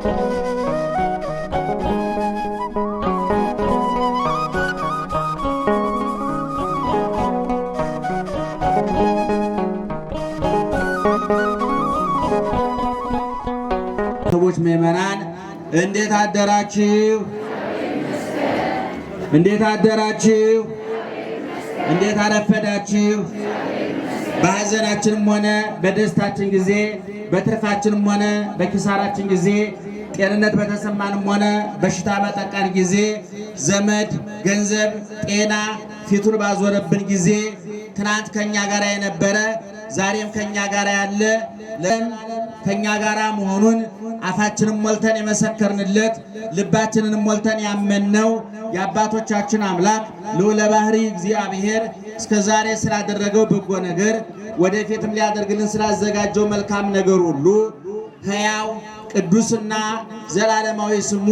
ሰዎች ምዕመናን እንዴት አደራችሁ? እንዴት አደራችሁ? እንዴት አረፈዳችሁ? በሐዘናችንም ሆነ በደስታችን ጊዜ በትርፋችንም ሆነ በኪሳራችን ጊዜ ጤንነት በተሰማንም ሆነ በሽታ በጠቃን ጊዜ ዘመድ፣ ገንዘብ፣ ጤና ፊቱን ባዞረብን ጊዜ ትናንት ከኛ ጋር የነበረ ዛሬም ከኛ ጋር ያለ ለም ከኛ ጋር መሆኑን አፋችንን ሞልተን የመሰከርንለት ልባችንን ሞልተን ያመንነው የአባቶቻችን አምላክ ልዑለ ባህሪ እግዚአብሔር እስከ ዛሬ ስላደረገው በጎ ነገር ወደፊትም ሊያደርግልን ስላዘጋጀው መልካም ነገር ሁሉ ሕያው ቅዱስና ዘላለማዊ ስሙ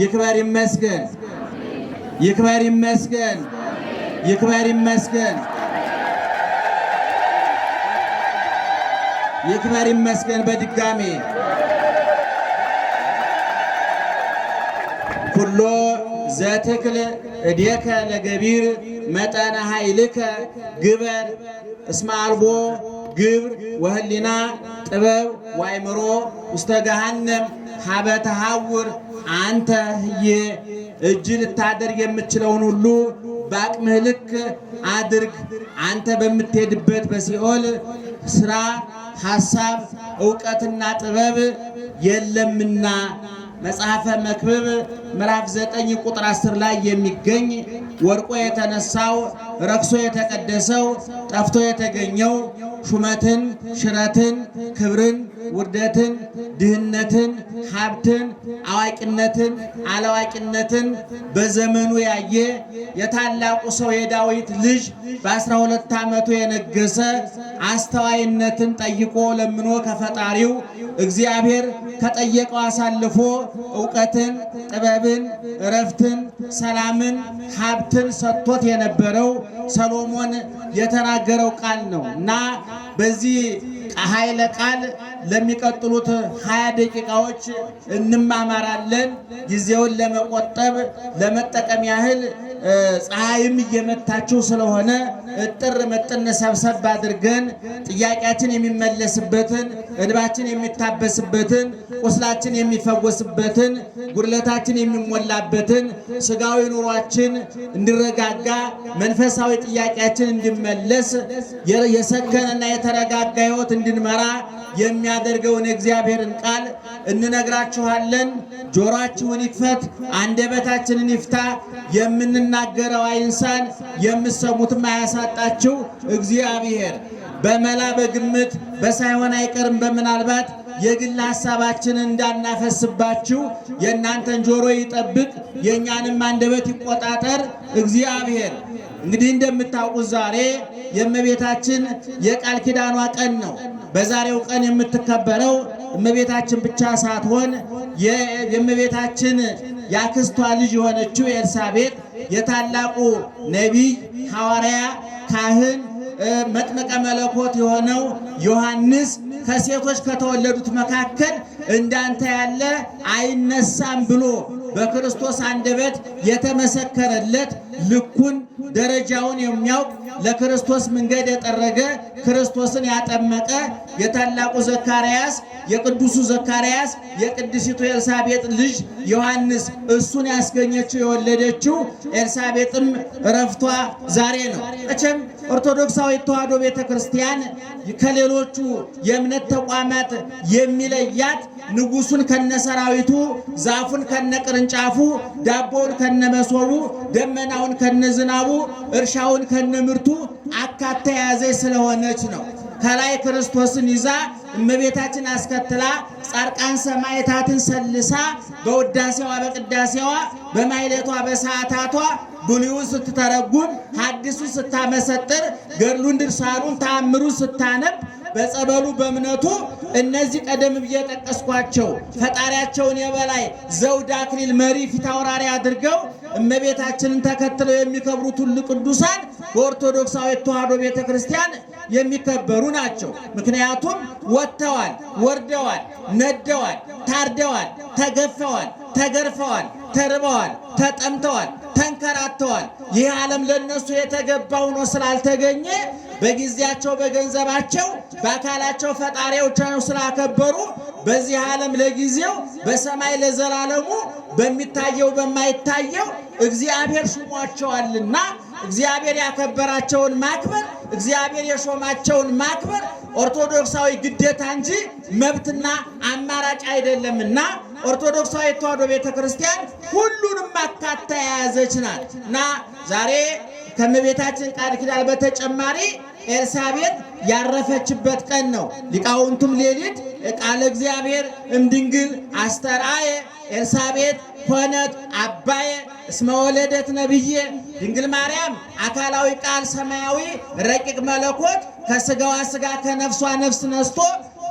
ይክበር ይመስገን፣ ይክበር ይመስገን፣ ይክበር ይመስገን፣ ይክበር ይመስገን። በድጋሜ ኩሎ ዘትክል እዴከ ለገቢር መጠነ ኃይልከ ግበር እስመ አልቦ ግብር ወህሊና ጥበብ ዋይምሮ ውስተ ገሃነም ሀበ ተሐውር አንተ እጅ ልታደርግ የምትችለውን ሁሉ በአቅምህ ልክ አድርግ። አንተ በምትሄድበት በሲኦል ስራ፣ ሐሳብ፣ እውቀትና ጥበብ የለምና መጽሐፈ መክብብ ምዕራፍ 9 ቁጥር 10 ላይ የሚገኝ ወርቆ የተነሳው ረክሶ የተቀደሰው ጠፍቶ የተገኘው ሹመትን፣ ሽረትን፣ ክብርን፣ ውርደትን፣ ድህነትን፣ ሀብትን፣ አዋቂነትን፣ አላዋቂነትን በዘመኑ ያየ የታላቁ ሰው የዳዊት ልጅ በአስራ ሁለት ዓመቱ የነገሰ አስተዋይነትን ጠይቆ ለምኖ ከፈጣሪው እግዚአብሔር ከጠየቀው አሳልፎ እውቀትን፣ ጥበብን፣ እረፍትን፣ ሰላምን፣ ሀብት እድል ሰጥቶት የነበረው ሰሎሞን የተናገረው ቃል ነው እና በዚህ ኃይለ ቃል ለሚቀጥሉት ሀያ ደቂቃዎች እንማማራለን። ጊዜውን ለመቆጠብ ለመጠቀም ያህል ፀሐይም እየመታችው ስለሆነ እጥር ምጥን ሰብሰብ አድርገን ጥያቄያችን የሚመለስበትን እንባችን የሚታበስበትን ቁስላችን የሚፈወስበትን ጉድለታችን የሚሞላበትን ስጋዊ ኑሯችን እንዲረጋጋ መንፈሳዊ ጥያቄያችን እንዲመለስ የሰከነና የተረጋጋ ሕይወት እንድንመራ የሚያደርገውን እግዚአብሔርን ቃል እንነግራችኋለን። ጆሮአችሁን ይክፈት፣ አንደበታችንን ይፍታ። የምንናገረው አይንሳን፣ የምሰሙትም አያሳጣችሁ። እግዚአብሔር በመላ በግምት በሳይሆን አይቀርም በምናልባት የግል ሀሳባችን እንዳናፈስባችሁ የእናንተን ጆሮ ይጠብቅ፣ የእኛንም አንደበት ይቆጣጠር እግዚአብሔር። እንግዲህ እንደምታውቁት ዛሬ የእመቤታችን የቃል ኪዳኗ ቀን ነው። በዛሬው ቀን የምትከበረው እመቤታችን ብቻ ሳትሆን የእመቤታችን የአክስቷ ልጅ የሆነችው ኤልሳቤጥ የታላቁ ነቢይ ሐዋርያ ካህን መጥመቀ መለኮት የሆነው ዮሐንስ ከሴቶች ከተወለዱት መካከል እንዳንተ ያለ አይነሳም ብሎ በክርስቶስ አንደበት የተመሰከረለት ልኩን ደረጃውን የሚያውቅ ለክርስቶስ መንገድ የጠረገ ክርስቶስን ያጠመቀ የታላቁ ዘካርያስ የቅዱሱ ዘካርያስ የቅድስቱ ኤልሳቤጥ ልጅ ዮሐንስ እሱን ያስገኘችው የወለደችው ኤልሳቤጥም እረፍቷ ዛሬ ነው። መቼም ኦርቶዶክሳዊት ተዋሕዶ ቤተ ክርስቲያን ከሌሎቹ የእምነት ተቋማት የሚለያት ንጉሱን ከነሰራዊቱ፣ ዛፉን ከነቅርንጫፉ፣ ዳቦውን ከነመሶቡ፣ ደመናውን ከነዝናቡ፣ እርሻውን ከነምርቱ አካታ የያዘች ስለሆነች ነው። ከላይ ክርስቶስን ይዛ እመቤታችን አስከትላ ጻድቃን ሰማዕታትን ሰልሳ በውዳሴዋ በቅዳሴዋ በማይለቷ በሰዓታቷ ብሉዩን ስትተረጉም፣ ሐዲሱን ስታመሰጥር፣ ገድሉን ድርሳኑን ተአምሩን ስታነብ በጸበሉ በእምነቱ እነዚህ ቀደም ብዬ ጠቀስኳቸው ፈጣሪያቸውን የበላይ ዘውድ አክሊል መሪ ፊታውራሪ አድርገው እመቤታችንን ተከትለው የሚከብሩ ሁሉ ቅዱሳን በኦርቶዶክሳዊት ተዋሕዶ ቤተ ክርስቲያን የሚከበሩ ናቸው። ምክንያቱም ወጥተዋል፣ ወርደዋል፣ ነደዋል፣ ታርደዋል፣ ተገፈዋል፣ ተገርፈዋል፣ ተርበዋል፣ ተጠምተዋል ተንከራተዋል። ይህ ዓለም ለእነሱ የተገባ ሆኖ ስላልተገኘ በጊዜያቸው፣ በገንዘባቸው፣ በአካላቸው ፈጣሪያቸውን ስላከበሩ በዚህ ዓለም ለጊዜው በሰማይ ለዘላለሙ በሚታየው በማይታየው እግዚአብሔር ሹሟቸዋልና እግዚአብሔር ያከበራቸውን ማክበር፣ እግዚአብሔር የሾማቸውን ማክበር ኦርቶዶክሳዊ ግዴታ እንጂ መብትና አማራጭ አይደለምና ኦርቶዶክሳዊ ተዋሕዶ ቤተ ክርስቲያን ሁሉንም አካታ የያዘች ናት እና ዛሬ ከእመቤታችን ቃል ኪዳን በተጨማሪ ኤልሳቤጥ ያረፈችበት ቀን ነው። ሊቃውንቱም ሌሊት ቃለ እግዚአብሔር እምድንግል አስተርአየ ኤልሳቤጥ ኮነት አባየ እስመ ወለደት ነብዬ ድንግል ማርያም አካላዊ ቃል ሰማያዊ ረቂቅ መለኮት ከስጋዋ ስጋ ከነፍሷ ነፍስ ነስቶ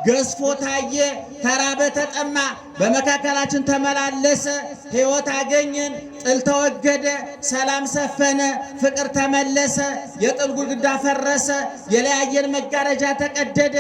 ገዝፎ ታየ፣ ተራበ፣ ተጠማ፣ በመካከላችን ተመላለሰ፣ ሕይወት አገኘን፣ ጥል ተወገደ፣ ሰላም ሰፈነ፣ ፍቅር ተመለሰ፣ የጥል ግድግዳ ፈረሰ፣ የለያየን መጋረጃ ተቀደደ፣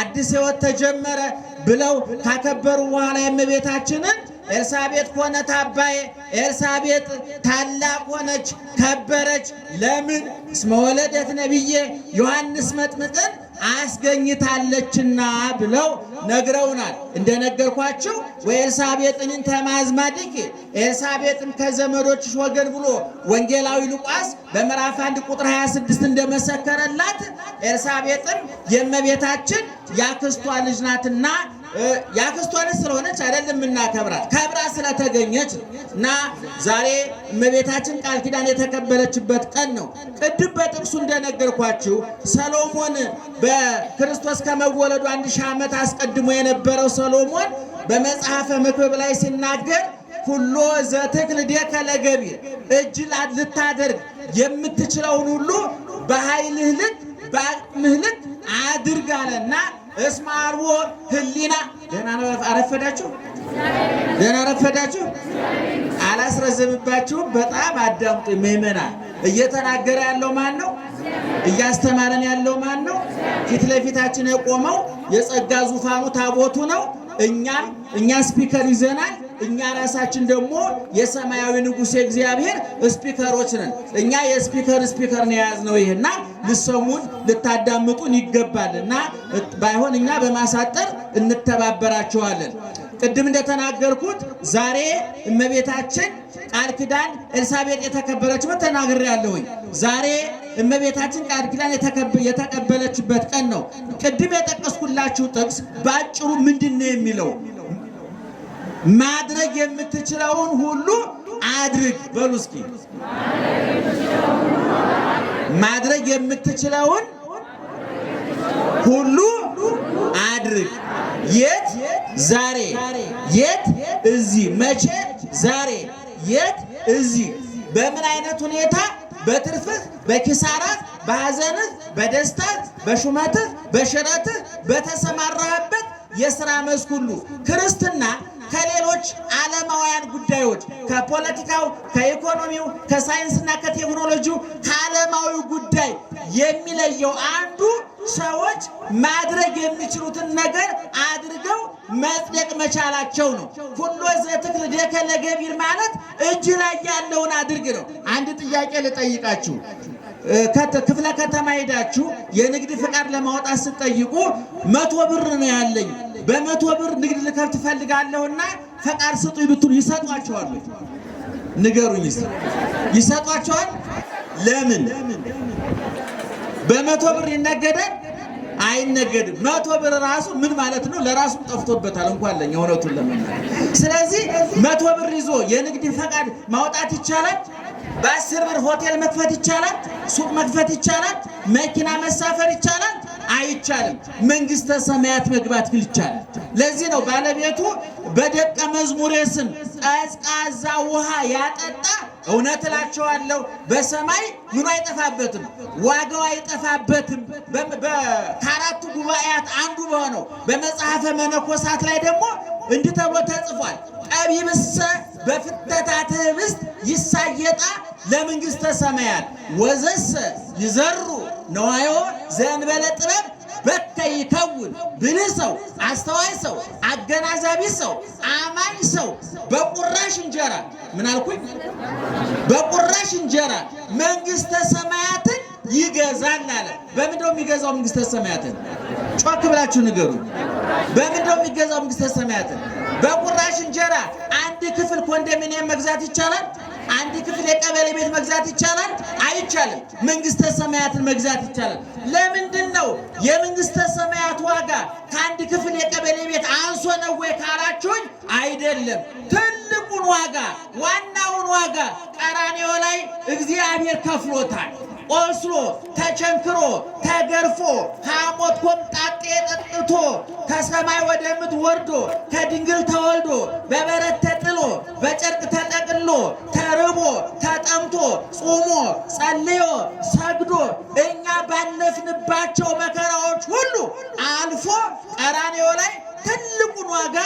አዲስ ሕይወት ተጀመረ ብለው ካከበሩ በኋላ የእመቤታችንን ኤልሳቤጥ ሆነ ታባዬ ኤልሳቤጥ ታላቅ ሆነች፣ ከበረች። ለምን? እስመ ወለደት ነቢዬ ዮሐንስ መጥምቅን አስገኝታለችና ብለው ነግረውናል። እንደነገርኳችሁ ወኤልሳቤጥንን ተማዝማድኪ ኤልሳቤጥም ከዘመዶችሽ ወገን ብሎ ወንጌላዊ ሉቃስ በምዕራፍ 1 ቁጥር 26 እንደመሰከረላት ኤልሳቤጥም የእመቤታችን ያክስቷ ልጅ ናትና ያክስቷንስ ስለሆነች አይደለም እናከብራት ከብራ ስለተገኘች እና ዛሬ እመቤታችን ቃል ኪዳን የተቀበለችበት ቀን ነው። ቅድም በጥቅሱ እንደነገርኳችሁ ሰሎሞን በክርስቶስ ከመወለዱ አንድ ሺህ ዓመት አስቀድሞ የነበረው ሰሎሞን በመጽሐፈ መክብብ ላይ ሲናገር ሁሎ ዘትክል ዴከ ለገቢር እጅ ልታደርግ የምትችለውን ሁሉ በኃይልህ ልክ በአቅምህ ልክ አድርግ አለና እስመ አልቦ ህሊና። ደህና አረፈዳችሁ፣ ደህና አረፈዳችሁ። አላስረዘምባችሁም። በጣም አዳምጡ ምዕመናን። እየተናገረ ያለው ማን ነው? እያስተማረን ያለው ማን ነው? ፊት ለፊታችን የቆመው የጸጋ ዙፋኑ ታቦቱ ነው። እኛም እኛ ስፒከር ይዘናል። እኛ ራሳችን ደግሞ የሰማያዊ ንጉሥ የእግዚአብሔር ስፒከሮች ነን። እኛ የስፒከር ስፒከር ነው የያዝነው ይሄና ልሰሙን ልታዳምጡን ይገባል እና ባይሆን እኛ በማሳጠር እንተባበራቸዋለን። ቅድም እንደተናገርኩት ዛሬ እመቤታችን ቃል ኪዳን ኤልሳቤጥ የተከበረችበት ተናግሬያለሁኝ። ዛሬ እመቤታችን ቃል ኪዳን የተቀበለችበት ቀን ነው። ቅድም የጠቀስኩላችሁ ጥቅስ በአጭሩ ምንድን ነው የሚለው ማድረግ የምትችለውን ሁሉ አድርግ በሉ እስኪ። ማድረግ የምትችለውን ሁሉ አድርግ። የት ዛሬ፣ የት እዚህ። መቼ ዛሬ፣ የት እዚህ። በምን አይነት ሁኔታ በትርፍህ፣ በኪሳራት፣ በሐዘንህ፣ በደስታት በሹመትህ፣ በሽረትህ፣ በተሰማራህበት የስራ መስክ ሁሉ ክርስትና ከሌሎች ዓለማውያን ጉዳዮች ከፖለቲካው፣ ከኢኮኖሚው፣ ከሳይንስና ከቴክኖሎጂው ከዓለማዊ ጉዳይ የሚለየው አንዱ ሰዎች ማድረግ የሚችሉትን ነገር አድርገው መጽደቅ መቻላቸው ነው። ሁሎ ዘትክል ደከለ ገቢር ማለት እጅ ላይ ያለውን አድርግ ነው። አንድ ጥያቄ ልጠይቃችሁ። ክፍለ ከተማ ሄዳችሁ የንግድ ፍቃድ ለማውጣት ስትጠይቁ መቶ ብር ነው ያለኝ በመቶ ብር ንግድ ልከፍት እፈልጋለሁና ፈቃድ ስጡኝ ብትሉ ይሰጧቸዋል? ንገሩኝ። ይሰጧቸዋል? ለምን? በመቶ ብር ይነገዳል? አይነገድም። መቶ ብር ራሱ ምን ማለት ነው? ለራሱም ጠፍቶበታል እንኳን ለኛ እውነቱን ለመናገር። ስለዚህ መቶ ብር ይዞ የንግድ ፈቃድ ማውጣት ይቻላል። በአስር ብር ሆቴል መክፈት ይቻላል። ሱቅ መክፈት ይቻላል። መኪና መሳፈር ይቻላል። አይቻልም። መንግሥተ ሰማያት መግባት ግን ይቻላል። ለዚህ ነው ባለቤቱ በደቀ መዝሙሬ ስም ቀዝቃዛ ውሃ ያጠጣ እውነት እላቸዋለሁ በሰማይ ምኑ አይጠፋበትም፣ ዋጋው አይጠፋበትም። ከአራቱ ጉባኤያት አንዱ በሆነው በመጽሐፈ መነኮሳት ላይ ደግሞ እንዲህ ተብሎ ተጽፏል። ቀቢብሰ በፍተታትህ ህብስት ይሳየጣ ለመንግሥተ ሰማያት ወዘሰ ይዘሩ ነዋዮ ዘንበለ ጥበብ በተይ ይከውን ብልህ ሰው፣ አስተዋይ ሰው፣ አገናዛቢ ሰው፣ አማኝ ሰው በቁራሽ እንጀራ ምን አልኩኝ? በቁራሽ እንጀራ መንግስተ ሰማያትን ይገዛል አለ። በምንድን የሚገዛው መንግስተ ሰማያትን? ጮክ ብላችሁ ንገሩ። በምንድን የሚገዛው መንግስተ ሰማያትን? በቁራሽ እንጀራ አንድ ክፍል ኮንዶሚኒየም መግዛት ይቻላል? አንድ ክፍል የቀበሌ ቤት መግዛት ይቻላል? አይቻልም። መንግስተ ሰማያትን መግዛት ይቻላል። ለምንድን ነው የመንግስተ ሰማያት ዋጋ ከአንድ ክፍል የቀበሌ ቤት አንሶ ነው ወይ ካላችሁኝ፣ አይደለም። ዋጋ ዋናውን ዋጋ ቀራንዮ ላይ እግዚአብሔር ከፍሎታል። ቆስሎ ተቸንክሮ ተገርፎ ሐሞት ኮምጣጤ ጠጥቶ ከሰማይ ወደ ምድር ወርዶ ከድንግል ተወልዶ በበረት ተጥሎ በጨርቅ ተጠቅሎ ተርቦ ተጠምቶ ጾሞ ጸልዮ ሰግዶ እኛ ባለፍንባቸው መከራዎች ሁሉ አልፎ ቀራንዮ ላይ ትልቁን ዋጋ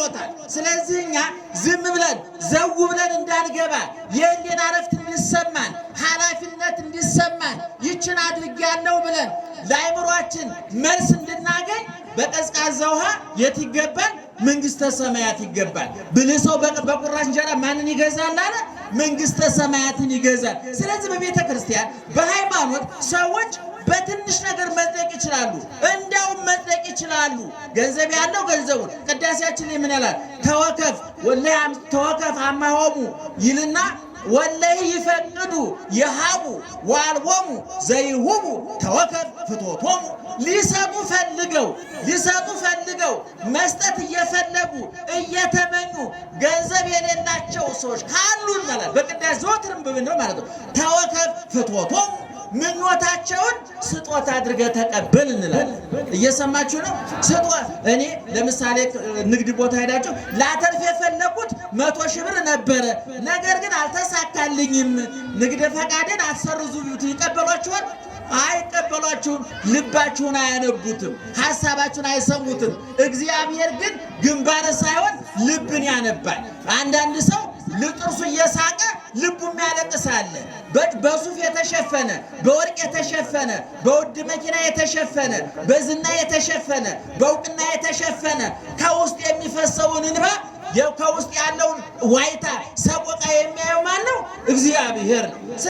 ብሎታል። ስለዚህ እኛ ዝም ብለን ዘው ብለን እንዳንገባ የእንዴን አረፍት እንዲሰማን፣ ኃላፊነት እንዲሰማን ይችን አድርጌያለሁ ብለን ለአይምሯችን መልስ እንድናገኝ በቀዝቃዛ ውሃ የት ይገባል? መንግስተ ሰማያት ይገባል። ብልህ ሰው በቁራሽ እንጀራ ማንን ይገዛል አለ? መንግስተ ሰማያትን ይገዛል። ስለዚህ በቤተ ክርስቲያን በሃይማኖት ሰዎች በትንሽ ነገር መጽደቅ ይችላሉ። እንዳውም መጽደቅ ይችላሉ። ገንዘብ ያለው ገንዘቡን ቅዳሴያችን ምን ያላል? ተወከፍ ተወከፍ አማሆሙ ይልና ወለይ ይፈቅዱ የሃቡ ዋልወሙ ዘይሁቡ ተወከፍ ፍቶቶሙ ሊሰጡ ፈልገው ሊሰጡ ፈልገው መስጠት እየፈለጉ እየተመኙ ገንዘብ የሌላቸው ሰዎች ካሉ እንላል በቅዳሴ ዘወትርም ብብነው ማለት ነው። ተወከፍ ፍቶቶሙ ምኞታቸውን ስጦታ አድርገ ተቀበል እንላለን። እየሰማችሁ ነው። ስጦ እኔ ለምሳሌ ንግድ ቦታ ሄዳችሁ ላተርፍ የፈለኩት መቶ ሺህ ብር ነበረ፣ ነገር ግን አልተሳካልኝም። ንግድ ፈቃድን አሰርዙ ይቀበሏችኋል? አይቀበሏችሁም። ልባችሁን አያነቡትም፣ ሀሳባችሁን አይሰሙትም። እግዚአብሔር ግን ግንባር ሳይሆን ልብን ያነባል። አንዳንድ ሰው ልጥርሱ እየሳቀ ልቡ የሚያለቅሳለ በሱፍ የተሸፈነ በወርቅ የተሸፈነ በውድ መኪና የተሸፈነ በዝና የተሸፈነ በእውቅና የተሸፈነ ከውስጥ የሚፈሰውን እንባ ከውስጥ ያለውን ዋይታ ሰቆቃ የሚያየው ማን ነው? እግዚአብሔር ነው።